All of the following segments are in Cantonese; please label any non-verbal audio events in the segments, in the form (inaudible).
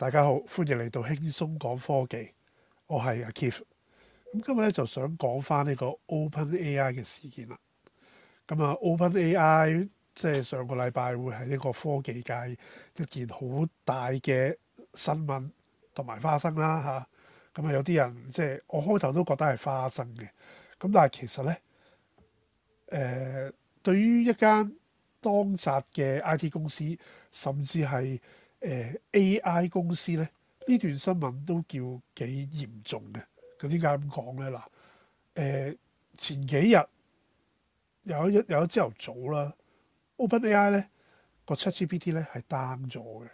大家好，歡迎嚟到輕鬆講科技，我係阿 Kif。咁今日咧就想講翻呢個 OpenAI 嘅事件啦。咁啊，OpenAI 即係上個禮拜會係一個科技界一件好大嘅新聞同埋花生啦吓，咁啊，有啲人即係、就是、我開頭都覺得係花生嘅。咁但係其實咧，誒、呃、對於一間當紮嘅 IT 公司，甚至係誒 AI 公司咧，呢段新聞都叫幾嚴重嘅。咁點解咁講咧？嗱、呃，誒前幾日有一日有一朝頭早啦，OpenAI 咧個 ChatGPT 咧係 down 咗嘅。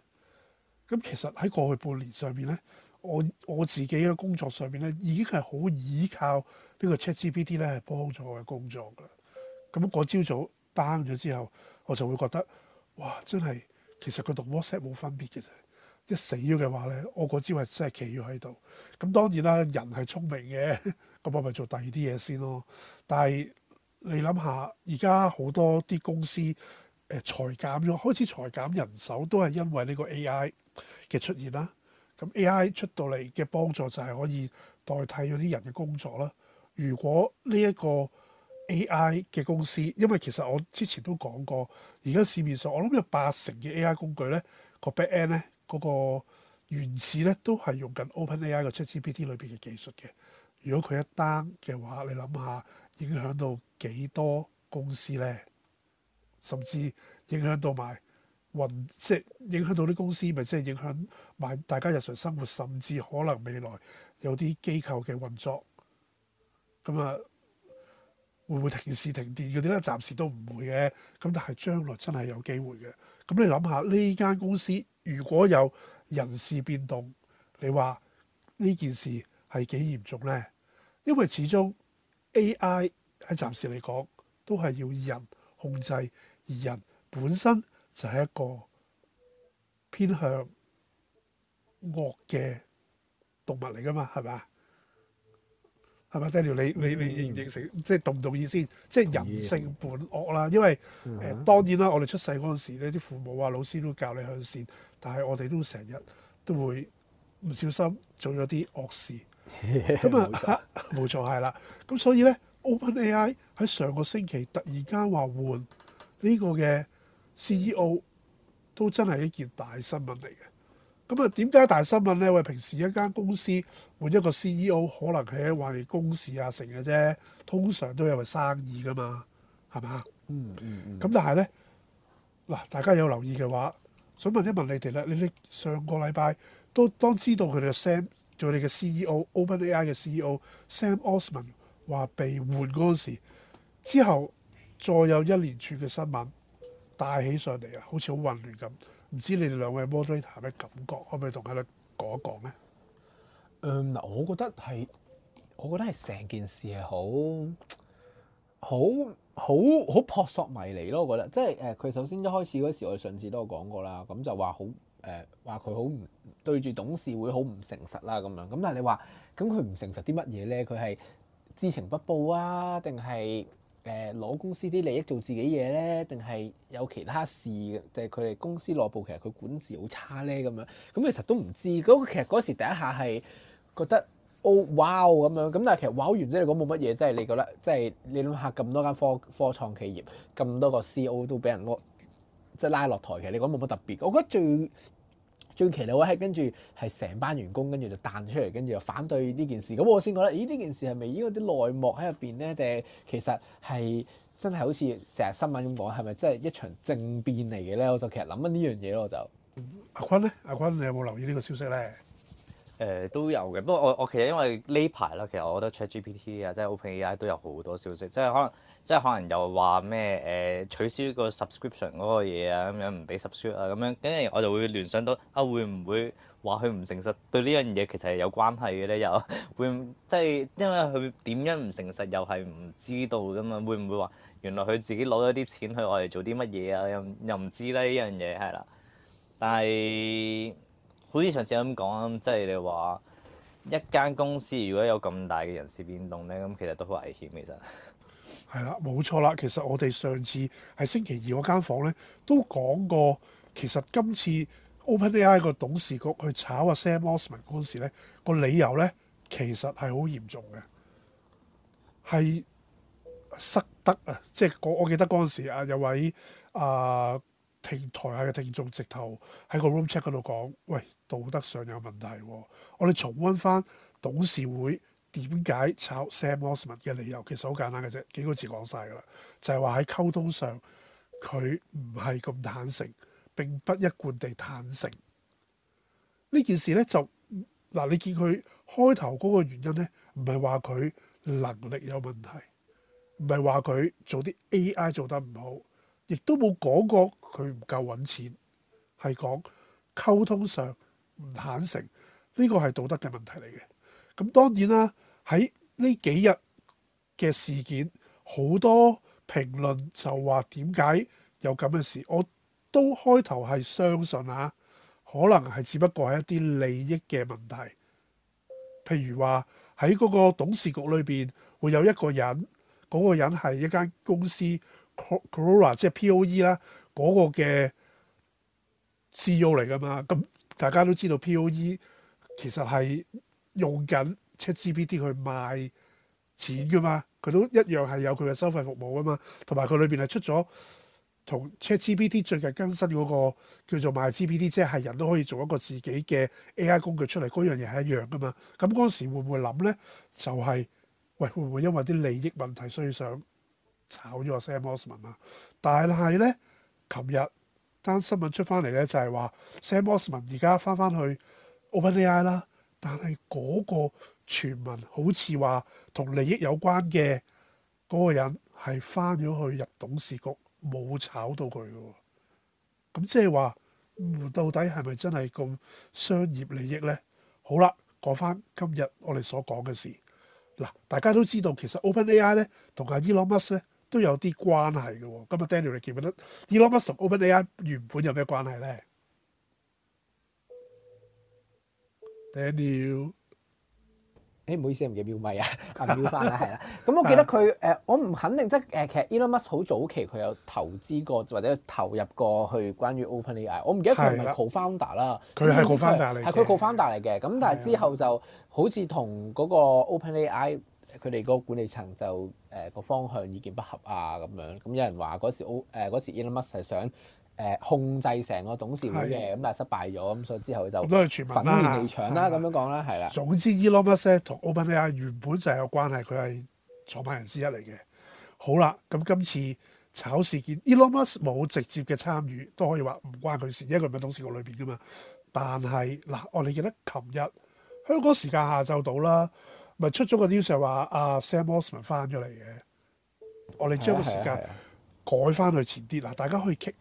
咁 (noise) 其實喺過去半年上邊咧，我我自己嘅工作上邊咧已經係好倚靠個呢個 ChatGPT 咧係幫助我嘅工作㗎。咁嗰朝早 down 咗之後，我就會覺得哇，真係～其實佢同 WhatsApp 冇分別嘅啫，一死咗嘅話咧，我嗰招係真係企咗喺度。咁當然啦，人係聰明嘅，咁我咪做第二啲嘢先咯。但係你諗下，而家好多啲公司誒、呃、裁減咗，開始裁減人手都係因為呢個 AI 嘅出現啦。咁 AI 出到嚟嘅幫助就係可以代替咗啲人嘅工作啦。如果呢、這、一個 A.I. 嘅公司，因為其實我之前都講過，而家市面上我諗有八成嘅 A.I. 工具咧，個 back end 咧嗰個原始咧都係用緊 Open A.I. 嘅 Chat GPT 裏邊嘅技術嘅。如果佢一 down 嘅話，你諗下影響到幾多公司咧？甚至影響到埋運，即係影響到啲公司，咪即係影響埋大家日常生活，甚至可能未來有啲機構嘅運作。咁啊～會唔會停市停電嗰啲咧？暫時都唔會嘅，咁但係將來真係有機會嘅。咁你諗下呢間公司如果有人事變動，你話呢件事係幾嚴重咧？因為始終 AI 喺暫時嚟講都係要人控制，而人本身就係一個偏向惡嘅動物嚟㗎嘛，係咪啊？係咪 Daniel 你你你認唔認成？即係同唔同意先？即係人性本惡啦。因為誒，嗯啊、當然啦，我哋出世嗰陣時咧，啲父母啊、老師都教你向善，但係我哋都成日都會唔小心做咗啲惡事。咁啊 (laughs) 錯，冇 (laughs) 錯係啦。咁所以咧，OpenAI 喺上個星期突然間話換呢個嘅 CEO，都真係一件大新聞嚟嘅。咁啊，點解大新聞呢？喂，平時一間公司換一個 CEO，可能係喺話事公事啊成嘅啫，通常都有個生意噶嘛，係咪？嗯嗯，咁但係呢，嗱，大家有留意嘅話，想問一問你哋啦，你哋上個禮拜都當知道佢哋嘅 Sam 做你嘅 CEO，OpenAI 嘅 CEO Sam Altman 話被換嗰陣時，之後再有一連串嘅新聞大起上嚟啊，好似好混亂咁。唔知你哋兩位 moderator 有咩感覺？可唔可以同佢哋講一講咧？嗯，嗱，我覺得係，我覺得係成件事係好好好好撲朔迷離咯。我覺得，即係誒，佢、呃、首先一開始嗰時，我上次都有講過啦。咁就話好誒，話佢好唔對住董事會，好唔誠實啦。咁樣咁，但係你話，咁佢唔誠實啲乜嘢咧？佢係知情不報啊，定係？誒攞、呃、公司啲利益做自己嘢咧，定係有其他事嘅？定係佢哋公司內部其實佢管治好差咧咁樣？咁其實都唔知。咁其實嗰時第一下係覺得哦，哇咁樣。咁但係其實玩完之後，你講冇乜嘢，即係你覺得，即、哦、係、哦、你諗下咁多間科科創企業，咁多個 CEO 都俾人攞，即係拉落台。其實你講冇乜特別。我覺得最。最奇嘅位係跟住係成班員工跟住就彈出嚟，跟住又反對呢件事。咁我先覺得咦，呢件事係咪因為啲內幕喺入邊咧？定其實係真係好似成日新聞咁講，係咪真係一場政變嚟嘅咧？我就其實諗緊呢樣嘢咯。我就阿坤咧，阿坤你有冇留意呢個消息咧？誒、呃、都有嘅，不過我我其實因為呢排啦，其實我覺得 Chat GPT 啊，即係 Open AI 都有好多消息，即係可能。即係可能又話咩誒取消個 subscription 嗰個嘢啊，咁樣唔俾 subscription 啊，咁樣跟住我就會聯想到啊，會唔會話佢唔誠實對呢樣嘢其實係有關係嘅咧？又會即係因為佢點樣唔誠實又係唔知道噶嘛、啊？會唔會話原來佢自己攞咗啲錢去外嚟做啲乜嘢啊？又又唔知咧呢、啊、樣嘢係啦。但係好似上次咁講，即係你話一間公司如果有咁大嘅人事變動咧，咁其實都好危險其實。係啦，冇錯啦。其實我哋上次係星期二嗰間房咧，都講過。其實今次 OpenAI 個董事局去炒阿 Sam Altman 嗰陣時咧，個理由咧其實係好嚴重嘅，係失德啊！即係我我記得嗰陣時啊，有位啊聽、呃、台下嘅聽眾直頭喺個 room check 嗰度講：喂，道德上有問題、啊。我哋重溫翻董事會。點解炒 Sam Altman 嘅理由其實好簡單嘅啫，幾個字講晒㗎喇，就係話喺溝通上佢唔係咁坦誠，並不一貫地坦誠。呢件事呢，就嗱，你見佢開頭嗰個原因呢，唔係話佢能力有問題，唔係話佢做啲 AI 做得唔好，亦都冇講過佢唔夠揾錢，係講溝通上唔坦誠。呢個係道德嘅問題嚟嘅。咁當然啦。喺呢幾日嘅事件，好多評論就話點解有咁嘅事？我都開頭係相信嚇、啊，可能係只不過係一啲利益嘅問題。譬如話喺嗰個董事局裏邊會有一個人，嗰、嗰個人係一間公司 Quora，即係 POE 啦，嗰個嘅 CEO 嚟㗎嘛？咁大家都知道 POE 其實係用緊。c h e c k g p t 去賣錢噶嘛，佢都一樣係有佢嘅收費服務啊嘛，裡同埋佢裏邊係出咗同 ChatGPT 最近更新嗰、那個叫做賣 GPT，即係人都可以做一個自己嘅 AI 工具出嚟，嗰樣嘢係一樣噶嘛。咁嗰陣時會唔會諗咧？就係、是、喂，會唔會因為啲利益問題，所以想炒咗 Sam Altman 啊？但係咧，琴日單新聞出翻嚟咧，就係、是、話 Sam Altman 而家翻翻去 OpenAI 啦，但係嗰、那個。傳聞好似話同利益有關嘅嗰個人係翻咗去入董事局，冇炒到佢嘅喎。咁即係話，到底係咪真係咁商業利益呢？好啦，講翻今日我哋所講嘅事。嗱，大家都知道其實 OpenAI 呢同阿、e、Elon Musk 呢都有啲關係嘅喎。今日 Daniel 你記唔記得 Elon Musk 同 OpenAI 原本有咩關係呢？Daniel。誒唔、哎、好意思，唔記得 mute 咪啊，mute 翻啦，係啦。咁、嗯、我記得佢誒、呃，我唔肯定，即係誒，其實 Elon Musk 好早期佢有投資過或者投入過去關於 OpenAI，我唔記得佢係唔係 co-founder 啦。佢係 co-founder 嚟，係佢 co-founder 嚟嘅。咁但係之後就，好似同嗰個 OpenAI 佢哋個管理層就誒個、呃、方向意見不合啊咁樣。咁、嗯、有人話嗰時 O 誒嗰時 Elon Musk 係想。誒控制成個董事會嘅，咁但係失敗咗，咁所以之後就都面地搶啦，離場啦，咁 (noise) 樣講啦，係啦。總之，Elon Musk 同 OpenAI、ah、原本就係有關係，佢係創辦人之一嚟嘅。好啦，咁今次炒事件，Elon Musk 冇直接嘅參與，都可以話唔關佢事，因為佢唔係董事局裏邊噶嘛。但係嗱，我哋記得琴日香港時間下晝到啦，咪出咗個 news 係話阿 Sam Altman 翻咗嚟嘅。我哋將個時間改翻去前啲啦，大家可以 k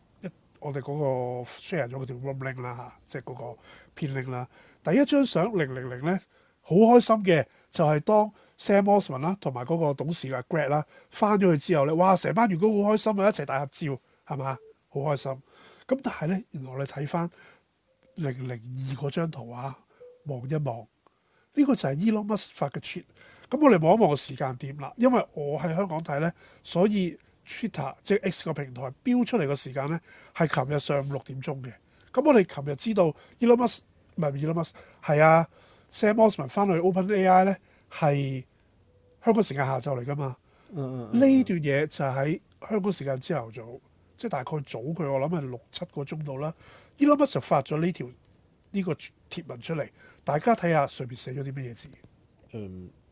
我哋嗰個 share 咗嗰條 room link 啦，即係嗰個 pin link 啦。第一張相零零零咧，好開心嘅就係、是、當 Sam Altman 啦、啊，同埋嗰個董事阿 Greg 啦，翻咗去之後咧，哇！成班員工好開心啊，一齊大合照，係嘛？好開心。咁但係咧，原來我哋睇翻零零二嗰張圖啊，望一望，呢、這個就係 Elon Musk 發嘅 tweet。咁我哋望一望時間點啦，因為我喺香港睇咧，所以。Twitter，即係 X 個平台標出嚟個時間咧，係琴日上午六點鐘嘅。咁我哋琴日知道 Elon Musk 唔係 Elon Musk 係啊 Sam Altman 翻去 OpenAI 咧係香港時間下晝嚟㗎嘛。嗯呢、uh, uh, uh, 段嘢就喺香港時間朝頭早，即、就、係、是、大概早佢我諗係六七個鐘度啦。Elon Musk 就發咗呢條呢、呢個貼文出嚟，大家睇下上面寫咗啲咩字。嗯。Um,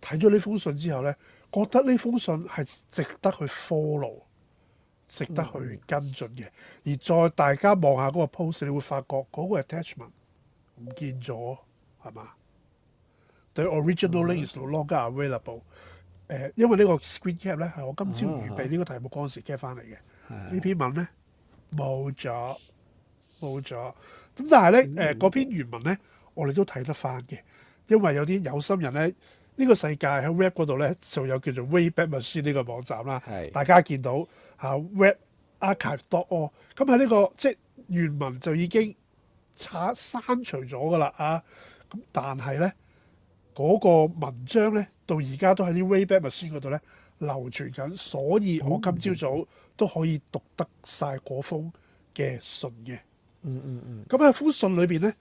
睇咗呢封信之後咧，覺得呢封信係值得去 follow，值得去跟進嘅。Mm hmm. 而再大家望下嗰個 post，你會發覺嗰個 attachment 唔見咗，係嘛？The original link is no longer available。誒、mm hmm. 呃，因為呢個 screen cap 咧係我今朝預備呢個題目嗰陣時 get 翻嚟嘅。呢、mm hmm. 篇文咧冇咗，冇咗。咁但係咧，誒嗰、mm hmm. 呃、篇原文咧，我哋都睇得翻嘅，因為有啲有心人咧。呢個世界喺 Web 嗰度咧，就有叫做 Wayback Machine 呢個網站啦。係是，大家見到嚇 Web Archive.org。咁喺呢個即係原文就已經拆刪除咗㗎啦啊！咁但係咧，嗰個文章咧到而家都喺啲 Wayback Machine 嗰度咧流傳緊，所以我今朝早都可以讀得晒嗰封嘅信嘅。嗯嗯嗯。咁喺封信裏邊咧。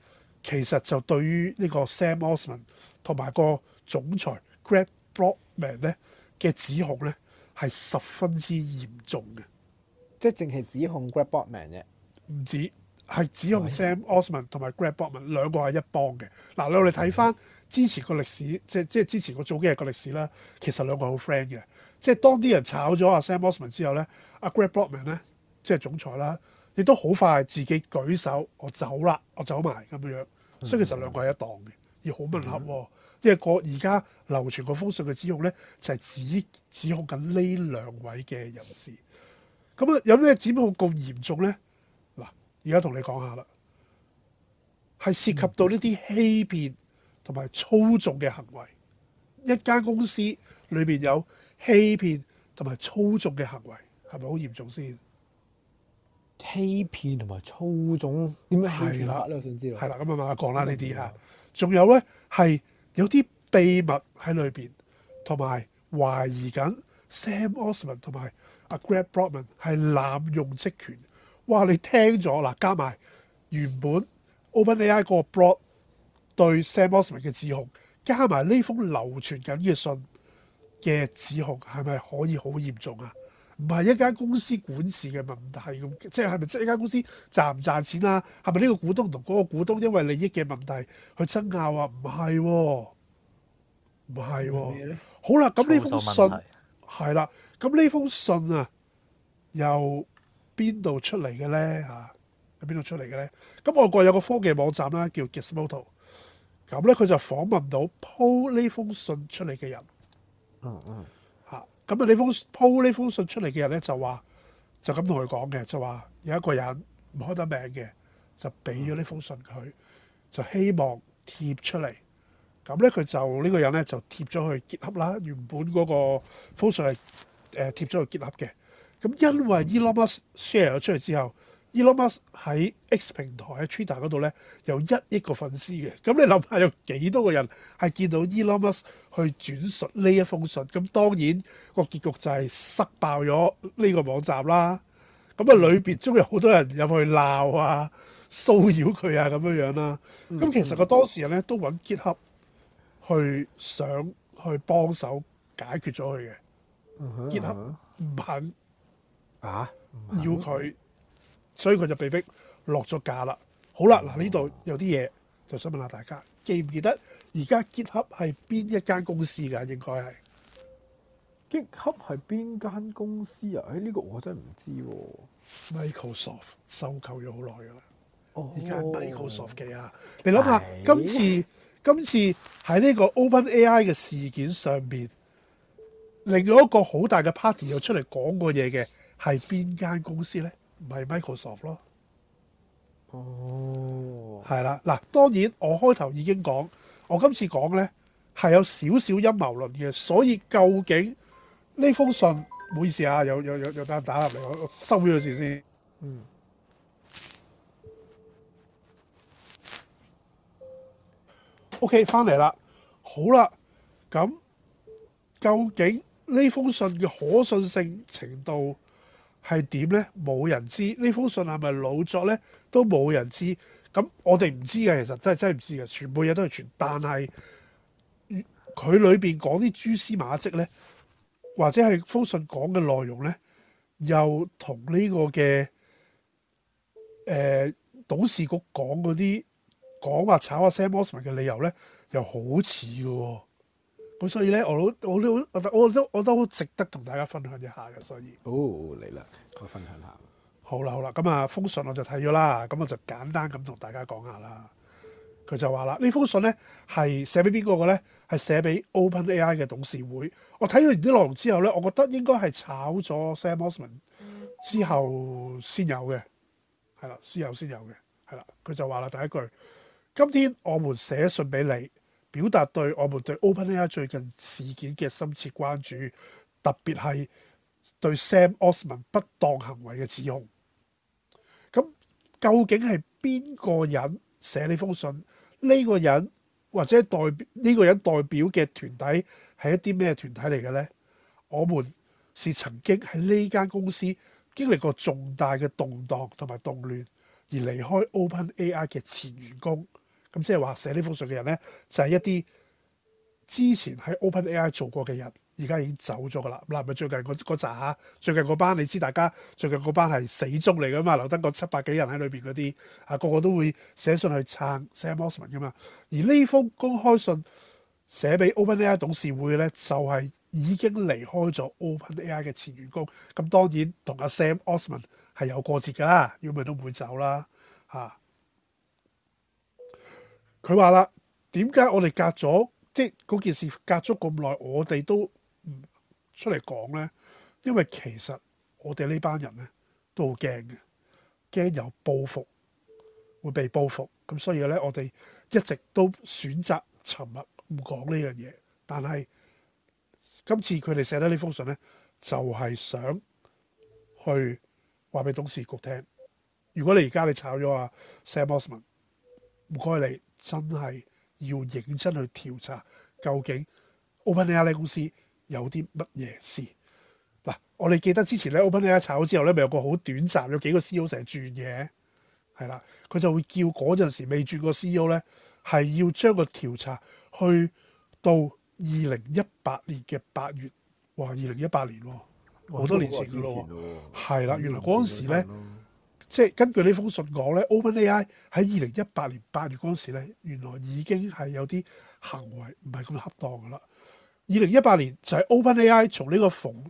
其實就對於呢個 Sam Altman 同埋個總裁 Greg Brockman 咧嘅指控咧，係十分之嚴重嘅，即係淨係指控 Greg Brockman 嘅，唔止係指控 Sam Altman 同埋 Greg Brockman 兩個係一幫嘅。嗱、啊，你我哋睇翻之前個歷史，即係即係之前個早幾日個歷史啦，其實兩個好 friend 嘅。即係當啲人炒咗阿 Sam Altman 之後咧，阿、啊、Greg Brockman 咧即係總裁啦，亦都好快自己舉手，我走啦，我走埋咁樣。所以其實兩個係一檔嘅，要好吻合。因為個而家流傳個封信嘅指控咧，就係、是、指指控緊呢兩位嘅人士。咁啊，有咩指控咁嚴重咧？嗱，而家同你講下啦，係涉及到呢啲欺騙同埋操縱嘅行為。一間公司裏邊有欺騙同埋操縱嘅行為，係咪好嚴重先？欺騙同埋操縱，點樣欺騙法咧？想知道係啦，咁啊嘛講啦呢啲啊，仲有咧係有啲秘密喺裏邊，同埋懷疑緊 Sam Altman 同埋 Greg Brockman a 係濫用職權。哇！你聽咗嗱，加埋原本 OpenAI 嗰、er、個 Board a 對 Sam Altman 嘅指控，加埋呢封流傳緊嘅信嘅指控，係咪可以好嚴重啊？唔係一間公司管事嘅問題，咁即係咪即係一間公司賺唔賺錢啦、啊？係咪呢個股東同嗰個股東因為利益嘅問題去爭拗、啊？話唔係喎，唔係喎。嗯、好啦，咁呢粗手 封信係題啦，咁呢封信啊，由邊度出嚟嘅咧？嚇、啊，喺邊度出嚟嘅咧？咁外國有個科技網站啦、啊，叫 Gizmodo。咁咧，佢就訪問到鋪呢封信出嚟嘅人。嗯嗯。嗯。咁啊！呢封 po 呢封信出嚟嘅人咧，就話就咁同佢講嘅，就話有一個人唔開得名嘅，就俾咗呢封信佢，就希望貼出嚟。咁咧，佢就呢個人咧就貼咗去結合啦。原本嗰個封信係誒貼咗去結合嘅。咁因為 Elon Musk share 咗出去之後。Elon Musk 喺 X 平台喺 Twitter 嗰度咧有一億個粉絲嘅，咁你諗下有幾多個人係見到 Elon Musk 去轉述呢一封信？咁當然、個結局就係塞爆咗呢個網站啦。咁啊，裏邊仲有好多人入去鬧啊、騷擾佢啊咁樣樣、啊、啦。咁其實個當事人咧都揾 GitHub 去想去幫手解決咗佢嘅。GitHub 唔肯啊？要佢？所以佢就被迫落咗價啦。好啦，嗱呢度有啲嘢，就想問下大家記唔記得而家 GitHub 係邊一間公司㗎？應該係 GitHub 係邊間公司啊？誒、哎、呢、呢個我真係唔知、啊。Microsoft 收購咗好耐㗎啦，而家、oh. Microsoft 嘅啊。Oh. 你諗下 Hey.，今次今次喺呢個 Open AI 嘅事件上邊，另外一個好大嘅 party 又出嚟講過嘢嘅係邊間公司咧？唔係 Microsoft 咯，哦，係啦，嗱，當然我開頭已經講，我今次講呢係有少少陰謀論嘅，所以究竟呢封信，唔好意思啊，有有有有單打入嚟，我收咗佢先。嗯。OK，翻嚟啦，好啦，咁究竟呢封信嘅可信性程度，係點呢？冇人知。呢封信係咪老作呢？都冇人知。咁我哋唔知嘅，其實真係真係唔知嘅，全部嘢都係傳，但係佢裏邊講啲蛛絲馬跡呢，或者係封信講嘅內容呢，又同呢個嘅誒、呃、董事局講嗰啲講話炒阿、啊、Sam Altman 嘅理由呢，又好似嘅喎。咁所以咧，我好，我都好，我都，我都好值得同大家分享一下嘅。所以，好嚟啦，我分享下。好啦，好啦，咁啊，封信我就睇咗啦。咁我就簡單咁同大家講下啦。佢就話啦，呢封信咧係寫俾邊個嘅咧？係寫俾 OpenAI 嘅董事會。我睇完啲內容之後咧，我覺得應該係炒咗 Sam Altman 之後先有嘅，係啦，之後先有嘅，係啦。佢就話啦，第一句，今天我們寫信俾你，表達對我們對 OpenAI 最近事件嘅深切關注，特別係對 Sam Altman 不當行為嘅指控。咁究竟係邊個人寫呢封信？呢個人或者代表呢個人代表嘅團體係一啲咩團體嚟嘅呢？我們是曾經喺呢間公司經歷過重大嘅動盪同埋動亂而離開 OpenAI 嘅前員工。咁即係話寫呢封信嘅人呢，就係、是、一啲之前喺 OpenAI 做過嘅人，而家已經走咗噶啦。嗱，咪最近嗰嗰紮嚇，最近嗰班你知大家最近嗰班係死忠嚟噶嘛。留得個七百幾人喺裏邊嗰啲，啊，個個都會寫信去撐 Sam Altman 噶嘛。而呢封公開信寫俾 OpenAI 董事會呢，就係、是、已經離開咗 OpenAI 嘅前員工。咁當然同阿 Sam Altman 係有過節噶啦，如果唔係都唔會走啦，嚇、啊。佢話啦：點解我哋隔咗即係嗰件事隔咗咁耐，我哋都唔出嚟講咧？因為其實我哋呢班人咧都好驚嘅，驚有報復，會被報復咁，所以咧我哋一直都選擇沉默，唔講呢樣嘢。但係今次佢哋寫得呢封信咧，就係想去話俾董事局聽。如果你而家你炒咗阿 Sam Altman，唔該你。真係要認真去調查，究竟 OpenAI 公司有啲乜嘢事？嗱，我哋記得之前咧 OpenAI 炒咗之後咧，咪有個好短暫，有幾個 CEO 成日轉嘢，係啦，佢就會叫嗰陣時未轉過 CEO 咧，係要將個調查去到二零一八年嘅八月，哇！二零一八年喎，哦，好多年前㗎咯喎，係啦，哦，原來嗰陣時咧。呃即係根據呢封信講咧，OpenAI 喺二零一八年八月嗰時咧，原來已經係有啲行為唔係咁恰當㗎喇。二零一八年就係 OpenAI 從呢個逢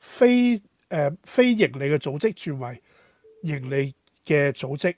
非誒、呃、非盈利嘅組織轉為盈利嘅組織，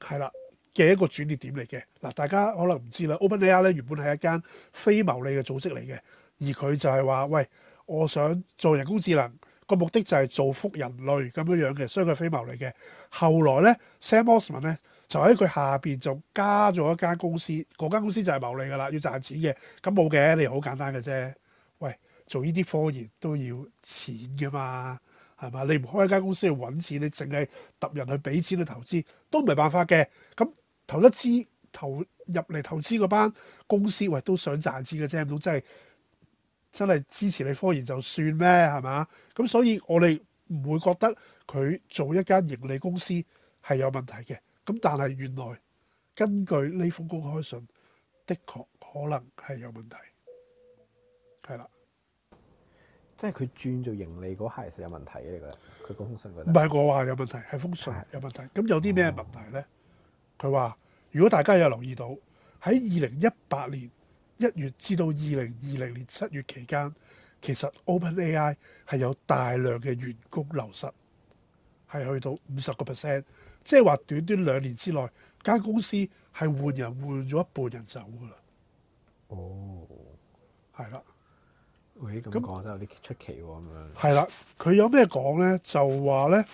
係啦嘅一個轉捩點嚟嘅。嗱，大家可能唔知啦，OpenAI 咧原本係一間非牟利嘅組織嚟嘅，而佢就係話：喂，我想做人工智能。個目的就係造福人類咁樣樣嘅，所以佢係非牟利嘅。後來呢 Sam Altman 咧就喺佢下邊就加咗一間公司，嗰間公司就係牟利噶啦，要賺錢嘅。咁冇嘅，你好簡單嘅啫。喂，做呢啲科研都要錢噶嘛，係嘛？你唔開一間公司去揾錢，你淨係揼人去俾錢去投資，都唔係辦法嘅。咁投一支投入嚟投資嗰班公司，喂，都想賺錢嘅啫，唔通真係？真係支持你科研就算咩？係嘛？咁所以我哋唔會覺得佢做一間盈利公司係有問題嘅。咁但係原來根據呢封公開信，的確可能係有問題。係啦，即係佢轉做盈利嗰刻係有問題嘅嚟㗎。你覺得？佢封信呢，唔係我話有問題，係封信有問題。咁的有啲咩問題呢？佢話、嗯、如果大家有留意到喺二零一八年一月至到二零二零年七月期間，其實 OpenAI 係有大量嘅員工流失，係去到五十個 percent，即係話短短兩年之內，間公司係換人換咗一半人走噶啦。哦、oh, 的，係啦。喂，咁講得有啲出奇喎，咁樣。係啦，佢有咩講咧？就話咧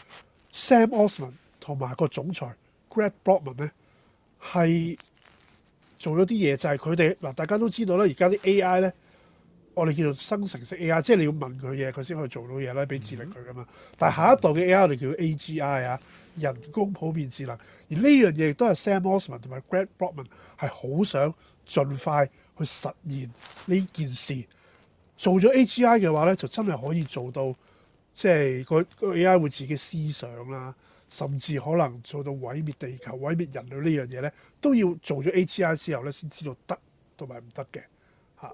，Sam Altman 同埋個總裁 Greg Brockman 咧係。做咗啲嘢就係佢哋嗱，大家都知道啦，而家啲 AI 咧，我哋叫做生成式 AI，即係你要問佢嘢，佢先可以做到嘢咧，俾智力佢噶嘛。但係下一代嘅 AI 我哋叫 AGI 啊，人工普遍智能，而呢樣嘢亦都係 Sam Altman 同埋 Greg Brockman 係好想盡快去實現呢件事。做咗 AGI 嘅話咧，就真係可以做到，即係個個 AI 會自己思想啦。甚至可能做到毀滅地球、毀滅人類呢樣嘢咧，都要做咗 AGI 之後咧，先知道得同埋唔得嘅嚇。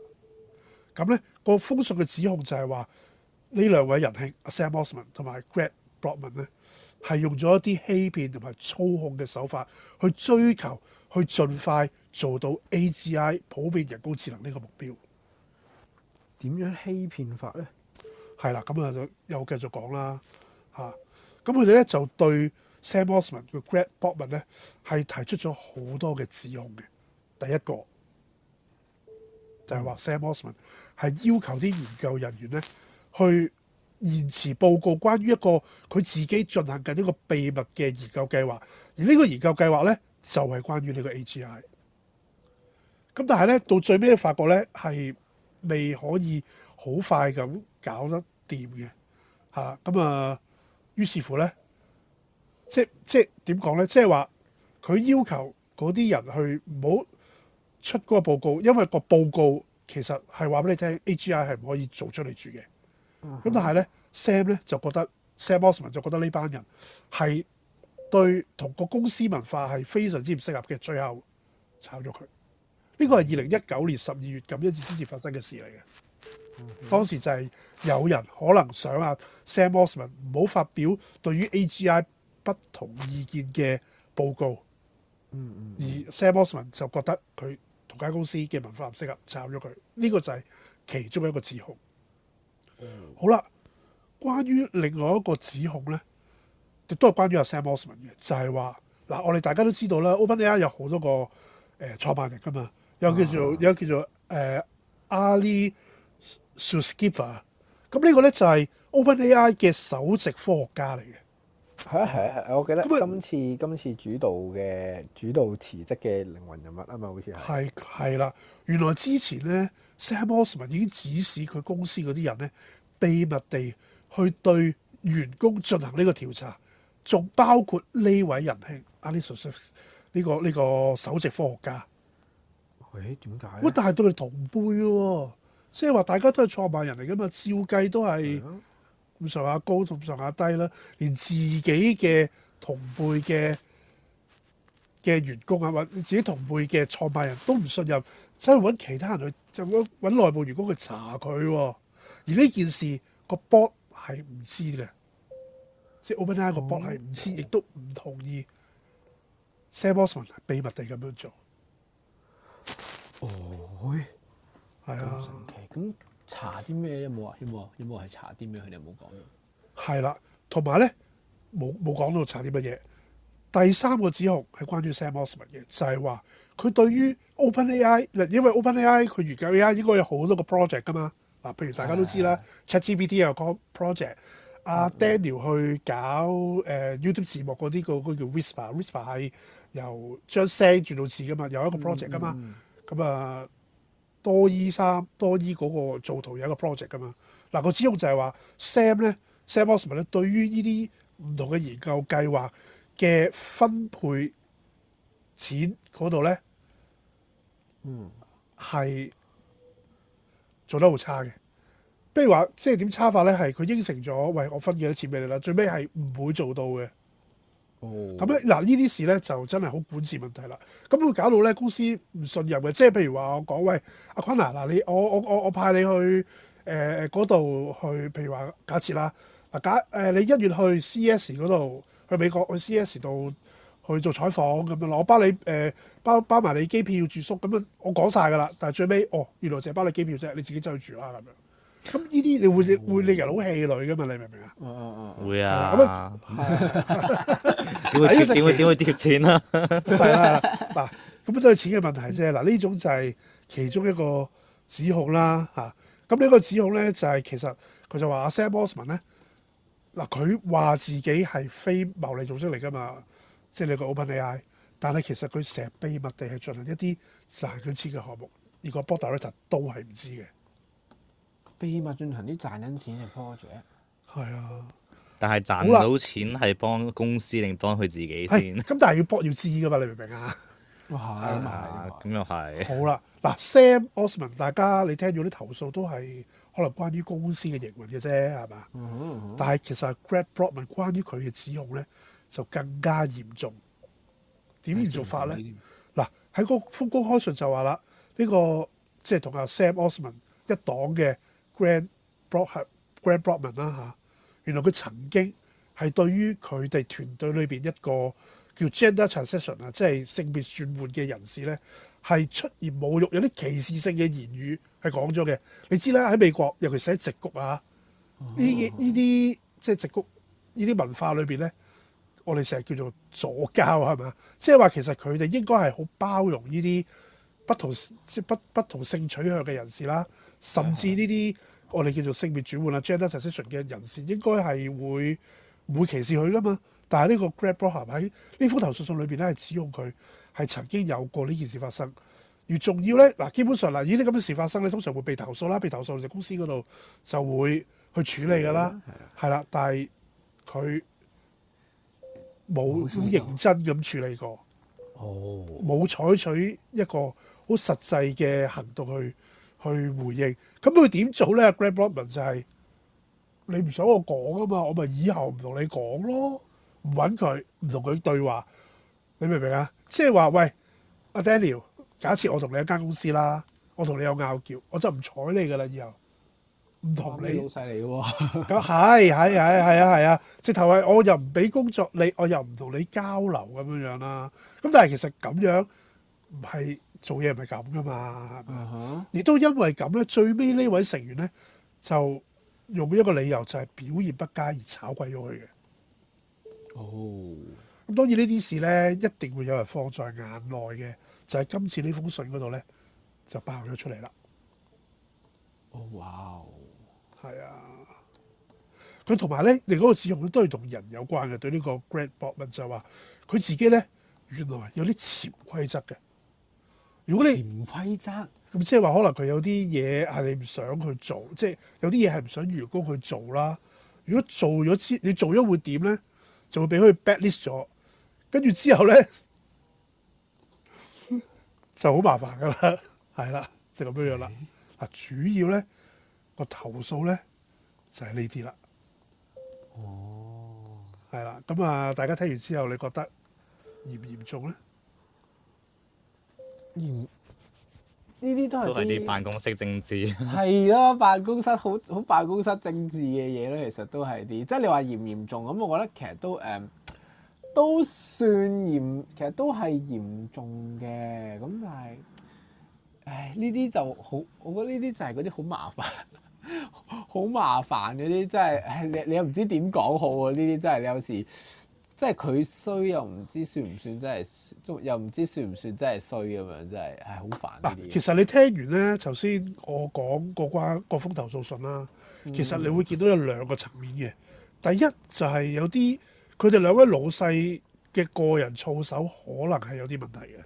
咁、啊、咧、那個封信嘅指控就係話，兩人呢兩位仁兄 Sam Altman 同埋 Greg Brockman 咧，係用咗一啲欺騙同埋操控嘅手法，去追求去盡快做到 AGI 普遍人工智能呢個目標。點樣欺騙法咧？係啦，咁啊，就又繼續講啦嚇。咁佢哋咧，就對 Sam Altman 個 Greg Brockman 咧，係提出咗好多嘅指控嘅。第一個就係、是、話 Sam Altman 係要求啲研究人員咧去延遲報告關於一個佢自己進行緊一個秘密嘅研究計劃，而呢個研究計劃咧就係、是、關於呢個 AGI。咁但係咧到最尾發覺咧係未可以好快咁搞得掂嘅嚇咁啊！於是乎咧，即即點講咧？即係話佢要求嗰啲人去唔好出嗰個報告，因為個報告其實係話俾你聽，AGI 係唔可以做出嚟住嘅。咁、mm hmm. 但係咧，Sam 咧就覺得 Sam Altman 就覺得呢班人係對同個公司文化係非常之唔適合嘅，最後炒咗佢。呢個係二零一九年十二月咁一時先至發生嘅事嚟嘅。Mm hmm. 當時就係、是。有人可能想啊，Sam Altman 唔好發表對於 AGI 不同意見嘅報告。嗯嗯。而 Sam Altman 就覺得佢同間公司嘅文化唔適合，炒咗佢。呢、這個就係其中一個指控。好啦，關於另外一個指控咧，亦都係關於阿 Sam Altman 嘅，就係話嗱，我哋大家都知道啦，OpenAI 有好多個誒創、呃、辦人㗎嘛，有叫做、uh huh. 有叫做誒 Ilya Sutskever 咁呢個咧就係、是、OpenAI 嘅首席科學家嚟嘅，係啊係啊係！我記得就今次今次主導嘅主導辭職嘅靈魂人物啊嘛，好似係係係啦。原來之前咧，Sam Altman 已經指使佢公司嗰啲人咧，秘密地去對員工進行呢個調查，仲包括呢位仁兄，Ilya 呢個呢、呢個首席科學家。喂，點解？哇！但係對佢同輩喎、哦。即係話，大家都係創辦人嚟噶嘛？照計都係咁上下高同上下低啦。連自己嘅同輩嘅嘅員工啊，或自己同輩嘅創辦人都唔信任，走去揾其他人去就揾揾內部員工去查佢、哦。而呢件事個 board 係唔知嘅，即係 OpenAI 個 board 係唔知，亦、哦、都唔同意。哦、Sam Altman 秘密地咁樣做。哦。係啊，咁查啲咩有冇話，有冇啊？有冇係查啲咩？佢哋冇講嘅。係啦，同埋咧，冇冇講到查啲乜嘢。第三個指控係關於 Sam Altman 嘅，就係話佢對於 OpenAI 嗱，因為 OpenAI 佢原教 AI 應該有好多個 project 噶嘛。嗱、啊，譬如大家都知啦，ChatGPT 啊嗰 project，阿 Daniel 去搞誒、呃、YouTube 字幕嗰啲、那個、那個叫 Whisper，Whisper 係、嗯、Wh 由將聲轉到字噶嘛，又一個 project 噶嘛。咁啊、嗯、～、嗯多依三多依嗰個做圖有一個 project 㗎嘛，嗱、啊嗰個主要就係話 Sam 咧、嗯、Sam Altman 咧對於呢啲唔同嘅研究計劃嘅分配錢嗰度咧，嗯，係做得好差嘅。不如話即係點差法咧，係佢應承咗喂，我分幾多錢俾你啦，最尾係唔會做到嘅。哦，咁咧嗱，呢啲事咧就真係好管治問題啦。咁會搞到咧公司唔信任嘅，即係譬如話我講喂，阿坤啊，嗱你我我我我派你去誒嗰度去，譬如話假設啦，嗱假誒、呃、你一月去 CES 嗰度去美國去 CES 度去做採訪咁樣，我包你誒、呃、包包埋你機票住宿，咁樣我講晒㗎啦。但係最尾哦，原來淨係包你機票啫，你自己走去住啦咁樣。咁呢啲你會會令人好氣餒嘅嘛？你明唔明會啊？哦哦哦，會啊！ (laughs) 咁啊，點會點會點會貼錢啦？係啦，嗱，咁都係錢嘅問題啫。嗱，呢種就係其中一個指控啦，嚇。咁呢個指控咧就係其實佢就話阿 Sam Altman 咧，嗱，佢話自己係非牟利組織嚟噶嘛，即係你個 OpenAI，但係其實佢成日秘密地係進行一啲賺佢錢嘅項目，而個 Board Director 咧就都係唔知嘅。秘密進行啲賺緊錢嘅 project，係啊，但係賺到錢係幫公司定幫佢自己先。咁但係要搏要知㗎嘛？你明唔明啊？哇係，咁又係。好啦，嗱 Sam Osmond，大家你聽咗啲投訴都係可能關於公司嘅營運嘅啫，係嘛？哦。但係其實 Greg Brockman 關於佢嘅指控咧就更加嚴重。點嚴重法咧？嗱喺個封公開信就話啦，呢個即係同阿 Sam Osmond 一黨嘅。Grant Brockman、Grant Brockman 啦，吓 Brock、啊，原來佢曾經係對於佢哋團隊裏邊一個叫 Gender Transition 啊，即係性別轉換嘅人士咧，係出言侮辱、有啲歧視性嘅言語係講咗嘅。你知啦，喺美國，尤其係矽谷啊，呢啲呢啲即係矽谷呢啲文化裏邊咧，我哋成日叫做左膠係咪？即係話其實佢哋應該係好包容呢啲不同即係不不，不同性取向嘅人士啦。甚至呢啲我哋叫做性別轉換啊，gender transition 嘅人士，應該係會唔會歧視佢噶嘛？但係呢個 Greg Brockman 喺呢封投訴信裏邊咧，係指控佢係曾經有過呢件事發生。而重要咧，嗱基本上嗱，呢啲咁嘅事發生咧，通常會被投訴啦，被投訴就公司嗰度就會去處理㗎啦，係啦、yeah, yeah , yeah。但係佢冇好認真咁處理過，冇、oh. 採取一個好實際嘅行動去。去回應，咁佢點做呢？Greg Brockman 就係、是、你唔想我講啊嘛，我咪以後唔同你講咯，唔揾佢，唔同佢對話，你明唔明啊？即係話喂，阿 Daniel，假設我同你一間公司啦，我同你有拗撬，我就唔睬你噶啦，以後唔同你。老細嚟喎！咁係係係係啊係啊，直頭係我又唔俾工作你，我又唔同你交流咁樣樣啦。咁但係其實咁樣。唔係做嘢唔係咁噶嘛，亦、uh huh. 都因為咁咧，最尾呢位成員咧就用一個理由就係、是、表現不佳而炒鬼咗佢嘅。哦，咁當然呢啲事咧一定會有人放在眼內嘅，就係、是、今次呢封信嗰度咧就爆咗出嚟啦。哦，哇，係啊，佢同埋咧，你嗰個指控都係同人有關嘅。對呢個 Greg Brockman 就話佢自己咧原來有啲潛規則嘅。如果潛規則，咁即係話可能佢有啲嘢係你唔想去做，即係有啲嘢係唔想員工去做啦。如果做咗之，你做咗會點咧？就會俾佢 bad list 咗，跟住之後咧就好麻煩噶啦，係啦，就咁 (laughs) 樣樣啦。嗱，主要咧個投訴咧就係呢啲啦。哦，係啦，咁啊，大家聽完之後你覺得嚴唔嚴重咧？呢啲都係都係啲辦公室政治。係 (laughs) 咯，辦公室好好辦公室政治嘅嘢咯，其實都係啲，即係你話嚴唔嚴重咁，我覺得其實都誒、嗯，都算嚴，其實都係嚴重嘅。咁但係，唉，呢啲就好，我覺得呢啲就係嗰啲好麻煩，好 (laughs) 麻煩嗰啲，真係，你你又唔知點講好啊。呢啲真係，你有時。即係佢衰又唔知算唔算真係，又唔知算唔算真係衰咁樣，真係係好煩。嗱、啊，其實你聽完咧，頭先我講過嗰個風投訴信啦，其實你會見到有兩個層面嘅。第一就係有啲佢哋兩位老細嘅個人操守可能係有啲問題嘅，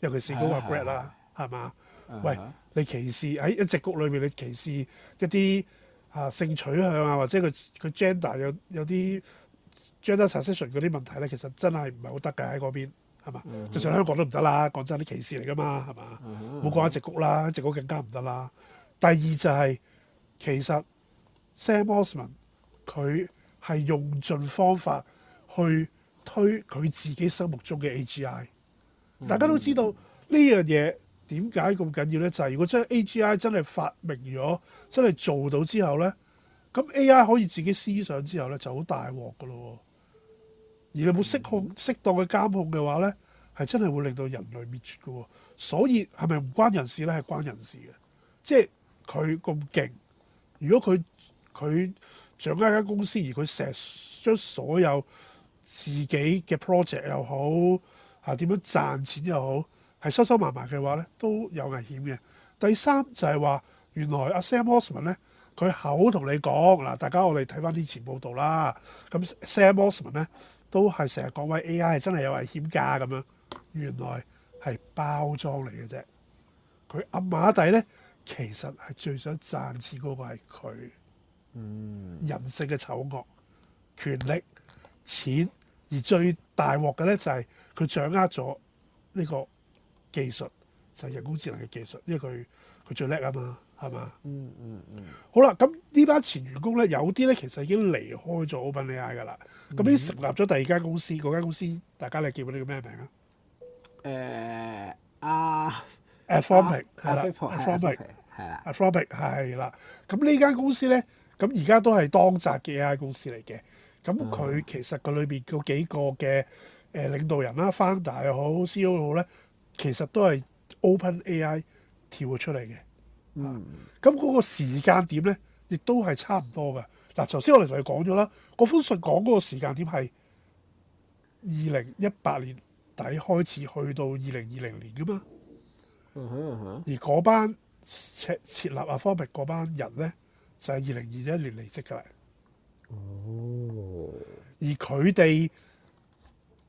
尤其是嗰個 Greg 啦，係嘛的？喂，你歧視喺一直局裏面，你歧視一啲啊性取向啊，或者佢佢 gender 有有啲。Gender censorship 嗰啲問題咧，其實真係唔係好得㗎喺嗰邊，係嘛？就算、mm hmm. 香港都唔得啦，講真啲歧視嚟㗎嘛，係嘛？冇講下直谷啦，直谷更加唔得啦。第二就係、是、其實 Sam Altman 佢係用盡方法去推佢自己心目中嘅 AGI。Mm hmm. 大家都知道樣麼麼呢樣嘢點解咁緊要咧？就係、是、如果將 AGI 真係發明咗，真係做到之後咧，咁 AI 可以自己思想之後咧，就好大鑊㗎咯。而你冇適控適當嘅監控嘅話咧，係真係會令到人類滅絕㗎喎、哦。所以係咪唔關人事咧？係關人事嘅，即係佢咁勁。如果佢佢掌握一間公司，而佢成將所有自己嘅 project 又好嚇點、啊、樣賺錢又好，係收收埋埋嘅話咧，都有危險嘅。第三就係話原來阿 Sam Altman 咧，佢口同你講嗱，大家我哋睇返啲前報道啦。咁 Sam Altman 咧。都係成日講話 A.I 係真係有危險架，咁樣，原來係包裝嚟嘅啫。佢阿馬底咧，其實係最想賺錢嗰個係佢。嗯，人性嘅醜惡、權力、錢，而最大鑊嘅咧就係佢掌握咗呢個技術，就係人工智能嘅技術，因為佢佢最叻啊嘛。係嘛，嗯？嗯嗯嗯。好啦，咁呢班前員工咧，有啲咧其實已經離開咗 OpenAI 噶啦。咁已經，嗯、成立咗第二間公司，嗰間公司大家你記唔記得叫咩名？欸、啊？誒阿阿 Forming 係啦，阿 Forming 係啦，啊，阿 Forming 係啦。咁呢間公司咧，咁而家都係當紮嘅 AI 公司嚟嘅。咁佢其實個裏邊嗰幾個嘅誒領導人啦，Founder 又好、CEO 又好咧，其實都係 OpenAI 跳出嚟嘅。啊，咁嗰、嗯、個時間點咧，亦都係差唔多嘅。嗱、啊，頭先我哋同你講咗啦，嗰封信講嗰個時間點係二零一八年底開始，去到二零二零年噶嘛。嗯嗯嗯、而嗰班設立阿 Formic 嗰班人咧，就係二零二一年離職噶啦。哦、嗯，嗯、而佢哋，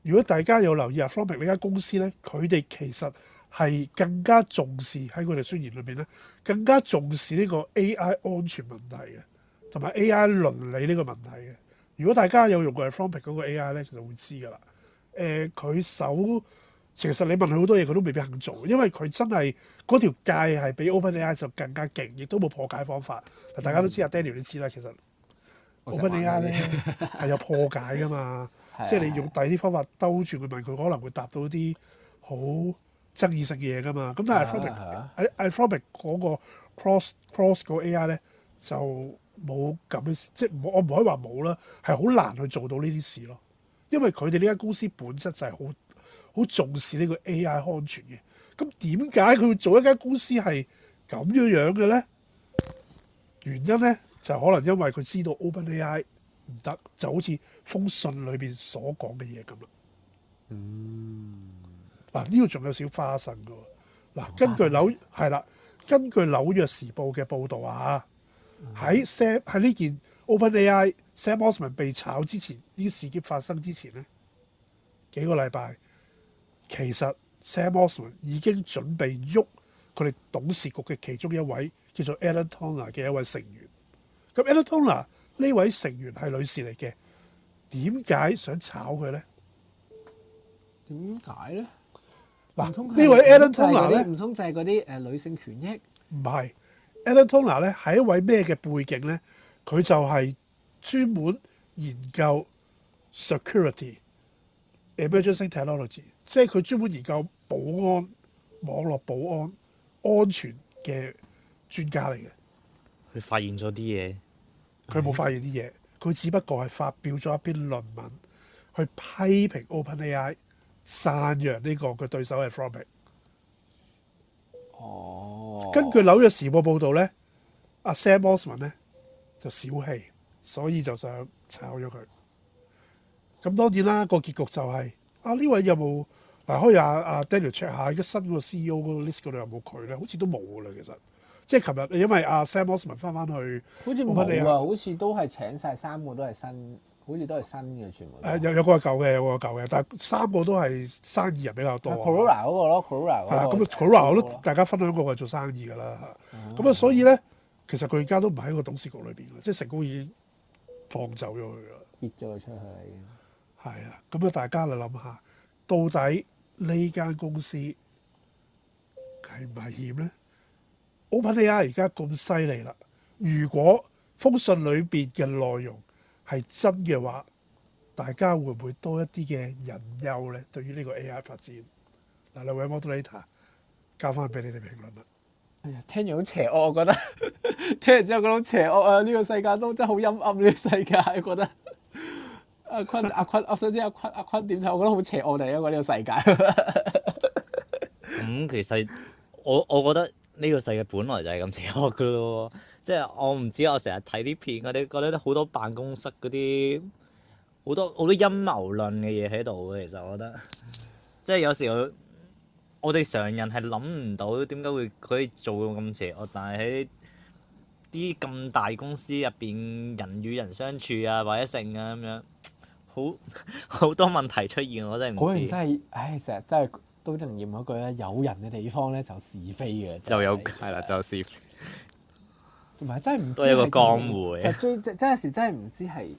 如果大家有留意阿 Formic 呢間公司咧，佢哋其實，係更加重視喺佢哋宣言裏邊咧，更加重視呢個 AI 安全問題嘅，同埋 AI 倫理呢個問題嘅。如果大家有用過係 Formic 嗰個 AI 咧，其實會知㗎啦。誒，佢手，其實你問佢好多嘢，佢都未必肯做，因為佢真係嗰條界係比 OpenAI 就更加勁，亦都冇破解方法。大家都知阿 Daniel 你知啦，其實 OpenAI 咧係有破解㗎嘛，即係你用第啲方法兜住佢問佢，可能會答到啲好～爭議性嘢㗎嘛，咁但係 i f r a m i n 嗰個 cross cross 嗰 AI 咧就冇咁，即係我唔可以話冇啦，係好難去做到呢啲事咯。因為佢哋呢間公司本身就係好好重視呢個 AI 安全嘅。咁點解佢會做一間公司係咁樣樣嘅咧？原因咧就可能因為佢知道 OpenAI 唔得，就好似封信裏邊所講嘅嘢咁啦。嗯。嗱，呢個仲有少花生噶喎。嗱、啊，根據紐係啦， (laughs) 根據紐約時報嘅報導啊，喺 Sam 喺呢件 OpenAI Sam Altman 被炒之前，呢、這、啲、個、事件發生之前咧幾個禮拜，其實 Sam Altman 已經準備喐佢哋董事局嘅其中一位叫做 Ellen Toner 嘅一位成員。咁 Ellen Toner 呢位成員係女士嚟嘅，點解想炒佢咧？點解咧？嗱，呢位 Helen Toner 咧，唔通就係嗰啲誒女性權益？唔係，Helen Toner 咧係一位咩嘅背景咧？佢就係專門研究 security emerging technology，即係佢專門研究保安、網絡保安、安全嘅專家嚟嘅。佢發現咗啲嘢？佢冇發現啲嘢，佢的只不過係發表咗一篇論文去批評 OpenAI。散揚呢、呢個佢對手係 Frombit。哦，oh。根據紐約時報報道咧，阿、oh。Sam Altman 咧就小氣，所以就想炒咗佢。咁當然啦，個結局就係、是、啊呢位有冇嗱、啊、可以啊阿、啊、Daniel check 下而家新個 CEO 個 list 度有冇佢咧？好似都冇㗎啦，其實，其實即係琴日因為阿、啊、Sam Altman 翻翻去，好似冇啊，家好似、啊、家都係請晒三個都係新。好似都係新嘅全部。誒有個有個係舊嘅，有個係舊嘅，但係三個都係生意人比較多。Quora 嗰個咯，Quora 係啦，咁啊我都大,大家都分享過係做生意㗎啦嚇。咁啊，所以咧，其實佢而家都唔喺個董事局裏邊，即係成功已經放走咗佢啦，跌咗佢出去。係啊，咁啊，大家嚟諗下，到底呢間公司係唔係險咧？OpenAI 而家咁犀利啦，如果封信裏邊嘅內容。係真嘅話，大家會唔會多一啲嘅隱憂咧？對於呢個 AI 發展。嗱，兩位 Moderator 交翻俾你哋評論啦。哎呀，聽完好邪惡，我覺得聽完之後覺得好邪惡啊！呢個世界都真係好陰暗，呢個世界我覺得阿坤阿坤，我想知阿坤阿坤點睇？我覺得好邪惡嚟啊！呢個世界咁，其實我我覺得。呢個世界本來就係咁邪惡噶咯，即係我唔知。我成日睇啲片，我哋覺得好多辦公室嗰啲好多好多陰謀論嘅嘢喺度嘅。其實我覺得，即係有時我哋常人係諗唔到點解會可以做到咁邪惡，但係喺啲咁大公司入邊，人與人相處啊，或者性啊咁樣，好好多問題出現，我真係唔知。唉，成日，哎，真係。都重要嗰句咧，有人嘅地方咧就，就是非嘅，就有係啦，就是非同埋真係唔多一個江湖。就最真即係有時真係唔知係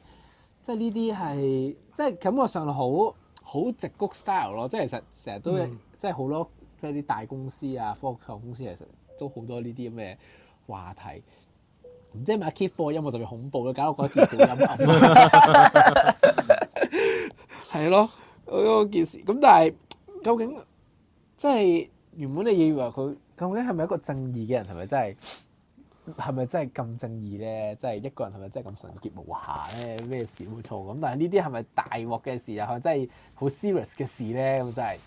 即係呢啲係即係感覺上好好直谷 style 咯。即係其實成日都、hmm. 即係好多即係啲大公司啊、科技公司其實都好多呢啲咁嘅話題。唔知係咪阿 Kid 播嘅音樂特別恐怖咧，搞到覺得電視音暗啊。係咯，嗰件事咁，但係究竟？即係原本你以為佢究竟係咪一個正義嘅人？係咪真係，係咪真係咁正義咧？即係一個人係咪真係咁純潔無瑕咧？咩事會錯咁？但係呢啲係咪大鑊嘅事啊？係咪真係好 serious 嘅事咧？咁真係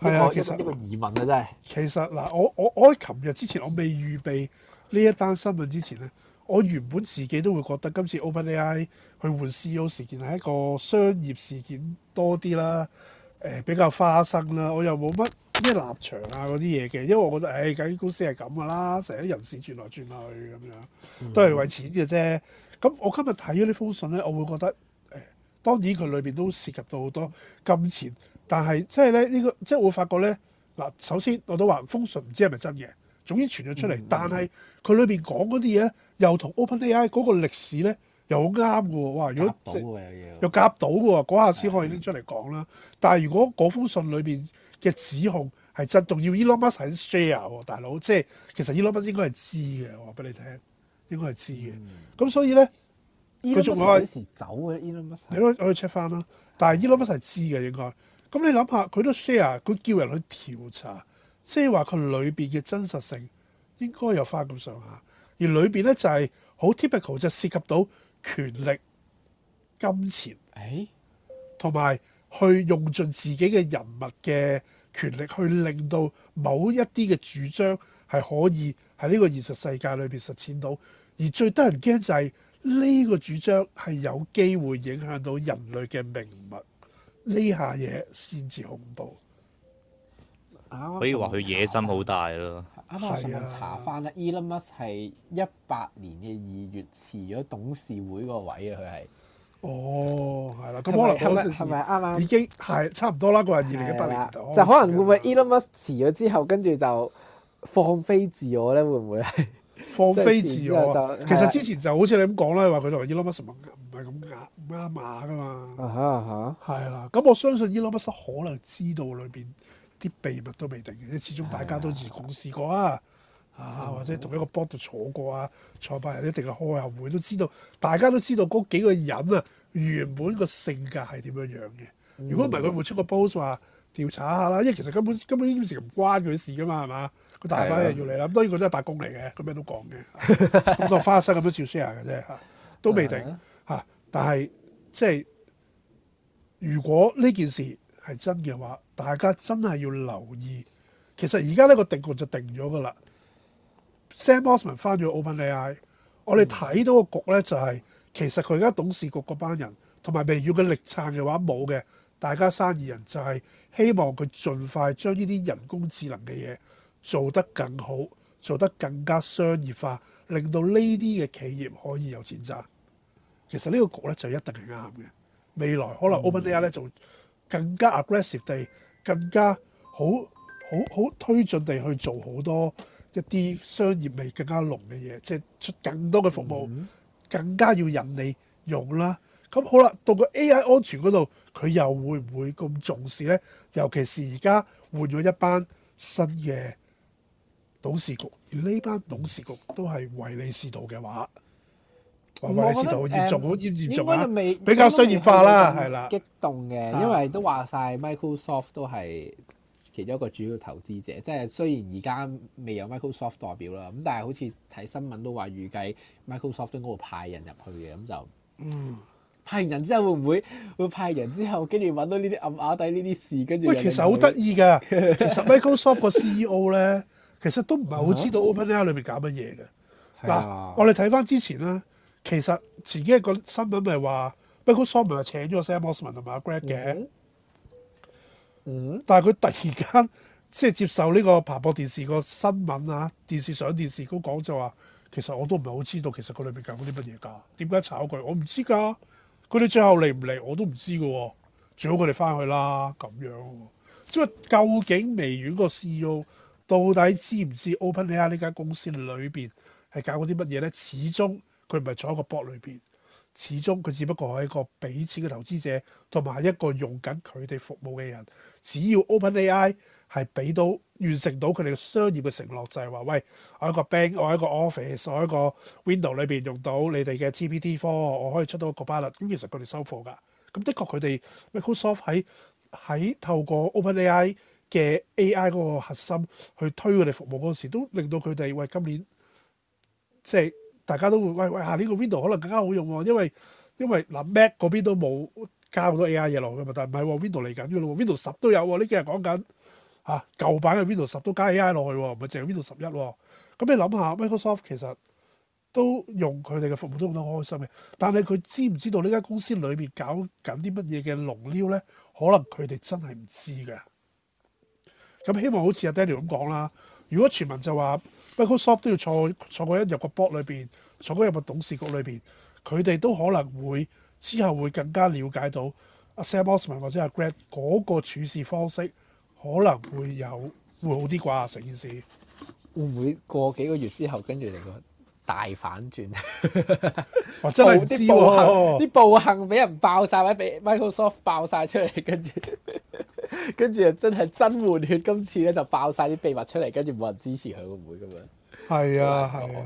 係啊，的個其實呢個疑問啊，真係。其實嗱，我我我喺琴日之前，我未預備呢一單新聞之前咧，我原本自己都會覺得今次 OpenAI 去換 CEO 事件係一個商業事件多啲啦。誒、哎、比較花生啦，我又冇乜咩立場啊，嗰啲嘢嘅。因為我覺得誒，間、哎、公司係咁噶啦，成日人事轉來轉去咁樣，都係為錢嘅啫。咁我今日睇咗呢封信呢，我會覺得誒、哎，當然佢裏邊都涉及到好多金錢，但係即係咧，呢個即係、就是、我會發覺呢。嗱，首先我都話封信唔知係咪真嘅，總之傳咗出嚟，嗯、但係佢裏邊講嗰啲嘢呢，又同 OpenAI 嗰個歷史呢。又好啱嘅喎，哇！如果又夾到嘅喎，嗰下先可以拎出嚟講啦。的但係如果嗰封信裏邊嘅指控係真，仲要 Elon Musk share 大佬，即係其實 Elon Musk 應該係知嘅，我話俾你聽，應該係知嘅。咁、嗯、所以咧，佢仲可以走嘅 Elon Musk。你都可以 check 翻啦。但係、e、Elon Musk 係知嘅應該。咁的你諗下，佢都 share，佢叫人去調查即係話佢裏邊嘅真實性應該有翻咁上下。而裏邊咧就係好 typical，就涉及到。權力、金錢，誒，同埋去用盡自己嘅人物嘅權力去令到某一啲嘅主張係可以喺呢個現實世界裏邊實踐到，而最得人驚就係呢個主張係有機會影響到人類嘅命脈，呢下嘢先至恐怖。剛剛可以話佢野心大剛剛好大咯！啱啱查翻啦 Elon Musk 係一八年嘅二月辭咗董事會個位、哦、啊，佢係哦，係啦，咁可能係咪啱啱已經係差唔多啦，嗰陣二零一八年就可能會唔會 Elon Musk 辭咗之後，跟住就放飛自我咧？會唔會係放飛自我、啊嗯？其實之前就好似你咁講啦，啊、你話佢同 Elon Musk 唔係咁噶，唔啱碼噶嘛。啊哈啊係啦，咁 (noise) 我相信 Elon Musk 可能知道裏邊。啲秘密都未定嘅，始終大家都自共事過啊，啊，啊或者同一個 board 坐過啊，坐班又一定係開下會，都知道大家都知道嗰幾個人啊原本個性格係點樣樣嘅。如果唔係佢會出個 post 話調查一下啦，因為其實根本根本呢件事唔關佢事噶嘛，係嘛？佢大把人要嚟啦，咁、啊、當然佢都係八公嚟嘅，咁咩都講嘅，咁個 (laughs) 花生咁樣笑 share 嘅啫嚇，都未定嚇。啊、但係即係如果呢件事。係真嘅話，大家真係要留意。其實而家呢個定局就定咗㗎喇。Sam Altman 翻咗 OpenAI、嗯、我哋睇到個局呢，就係、是，其實佢而家董事局嗰班人同埋未來嘅力撐嘅話冇嘅，大家生意人就係希望佢盡快將呢啲人工智能嘅嘢做得更好，做得更加商業化，令到呢啲嘅企業可以有錢賺。其實呢個局呢，就一定係啱嘅。未來可能 OpenAI 呢、嗯、就。更加 aggressive 地，更加好好好推進地去做好多一啲商業味更加濃嘅嘢，即係出更多嘅服務，mm hmm. 更加要引你用啦。咁好啦，到個 AI 安全嗰度，佢又會唔會咁重視咧？尤其是而家換咗一班新嘅董事局，而呢班董事局都係唯利是圖嘅話。我哋先好嚴重，好嚴重啊！應該就未比較商業化啦，係啦。激動嘅，的因為都話晒 Microsoft 都係其中一個主要投資者，即係雖然而家未有 Microsoft 代表啦，咁但係好似睇新聞都話預計 Microsoft 都嗰度派人入去嘅，咁就嗯派完人之後會唔會會派人之後跟住揾到呢啲暗啞底呢啲事跟住。喂，其實好得意㗎！ (laughs) 其實 Microsoft 個 CEO 咧，其實都唔係好知道 OpenAI 裏邊搞乜嘢嘅。嗱的、啊，我哋睇翻之前啦。其實自己個新聞咪話 Microsoft 係請咗 Sam Altman 同埋阿 Greg 嘅。嗯、mm，hmm. mm hmm. 但係佢突然間即係、就是、接受呢個彭博電視個新聞啊，電視上電視嗰講就話，其實我都唔係好知道，其實佢裏邊搞緊啲乜嘢㗎？點解炒佢？我唔知㗎。佢哋最後嚟唔嚟我都唔知嘅喎。最好佢哋返去啦咁樣。即係究竟微軟個 C E O 到底知唔知 OpenAI 呢間公司裏邊係搞緊啲乜嘢咧，始終。佢唔係坐喺個 box 裏邊，始終佢只不過係一個俾錢嘅投資者，同埋一個用緊佢哋服務嘅人。只要 OpenAI 係俾到完成到佢哋嘅商業嘅承諾，就係話：喂，我一個 bank，我一個 office，我一個 window 裏邊用到你哋嘅 GPT Four，我可以出到一個 balance。咁其實佢哋收貨㗎。咁的確佢哋 Microsoft 喺喺透過 OpenAI 嘅 AI 嗰個核心去推佢哋服務嗰時，都令到佢哋喂今年即係。就是大家都會喂喂，下年、啊呢個 Windows 可能更加好用喎、哦，因為因為嗱 Mac 嗰邊都冇加好多 AI 嘢落去嘛，但唔係喎 Windows 嚟緊嘅咯 Windows 十都有喎、哦，呢幾日講緊嚇舊版嘅 Windows 十都加 AI 落去喎、哦，唔係淨係 Windows 十一喎。咁你諗下，Microsoft 其實都用佢哋嘅服務都用得好開心嘅，但係佢知唔知道呢間公司裏面搞緊啲乜嘢嘅龍溜咧？可能佢哋真係唔知嘅。咁、嗯、希望好似阿 Daniel 咁講啦，如果傳聞就話。Microsoft 都要坐坐過一入個 board 裏邊，坐過入個董事局裏邊，佢哋都可能會之後會更加了解到阿 Sam Altman 或者阿 Greg 嗰個處事方式可能會有會好啲啩成件事。會唔會過幾個月之後跟住嚟個？大反轉， (laughs) 哇、哦！真係啲、哦、暴行，啲暴行俾人爆晒，或者俾 Microsoft 爆晒出嚟，跟住 (laughs) 跟住真係真換血。今次咧就爆晒啲秘密出嚟，跟住冇人支持佢，會唔會咁樣？係啊係啊！啊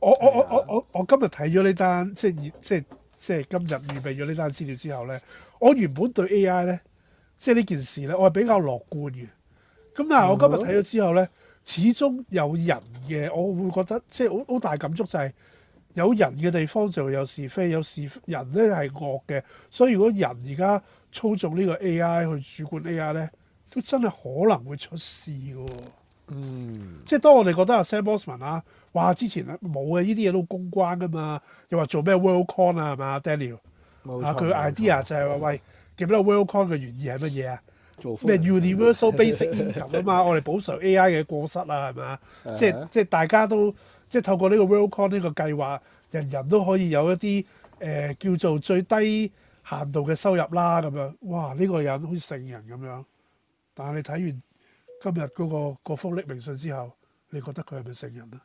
我啊我我我我我今日睇咗呢單，即係即係即係今日預備咗呢單資料之後咧，我原本對 AI 咧，即係呢件事咧，我係比較樂觀嘅。咁但係我今日睇咗之後咧。嗯始終有人嘅，我會覺得即係好好大感觸就係有人嘅地方就會有是非，有是人咧係惡嘅，所以如果人而家操縱呢個 AI 去主管 AI 咧，都真係可能會出事嘅。嗯，即係當我哋覺得阿 Sam Altman 啊，哇，之前冇嘅呢啲嘢都公關㗎嘛，又話做咩 World Con 啊係嘛，Daniel，啊佢個 idea 就係、是、話錯喂，點解、就是、World Con 嘅原意係乜嘢啊？咩 universal basic income 啊嘛，我哋補償 AI 嘅過失啊，係咪啊？即係即係大家都即係透過呢個 Worldcoin 呢個計劃，人人都可以有一啲誒、呃、叫做最低限度嘅收入啦。咁樣哇，呢、呢個人好似聖人咁樣。但係你睇完今日嗰、嗰個嗰封匿名信之後，你覺得佢係咪聖人啊？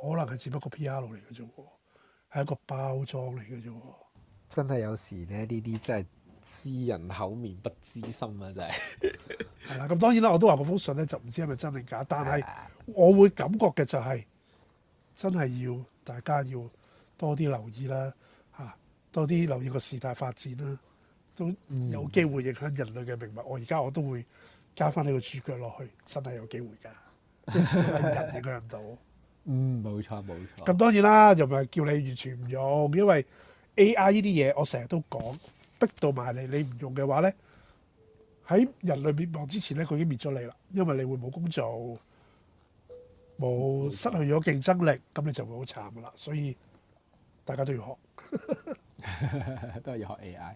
可能係只不過 PR 嚟嘅啫，係一個包裝嚟嘅啫。真係有時咧，呢啲真係～知人口面不知心啊！真係係啦，咁 (laughs) 當然啦，我都話嗰封信咧就唔知係咪真定假，但係我會感覺嘅就係、是、真係要大家要多啲留意啦，嚇多啲留意個事態發展啦，都有機會影響人類嘅命脈。嗯、我而家我都會加翻你個主腳落去，真係有機會㗎，人影響人到。嗯，冇錯冇錯。咁當然啦，又唔係叫你完全唔用，因為 AI 呢啲嘢我成日都講。逼到埋嚟，你唔用嘅話咧，喺人類滅亡之前咧，佢已經滅咗你啦，因為你會冇工做，冇失去咗競爭力，咁你就會好慘噶啦，所以大家都要學， (laughs) (laughs) 都係要學 AI。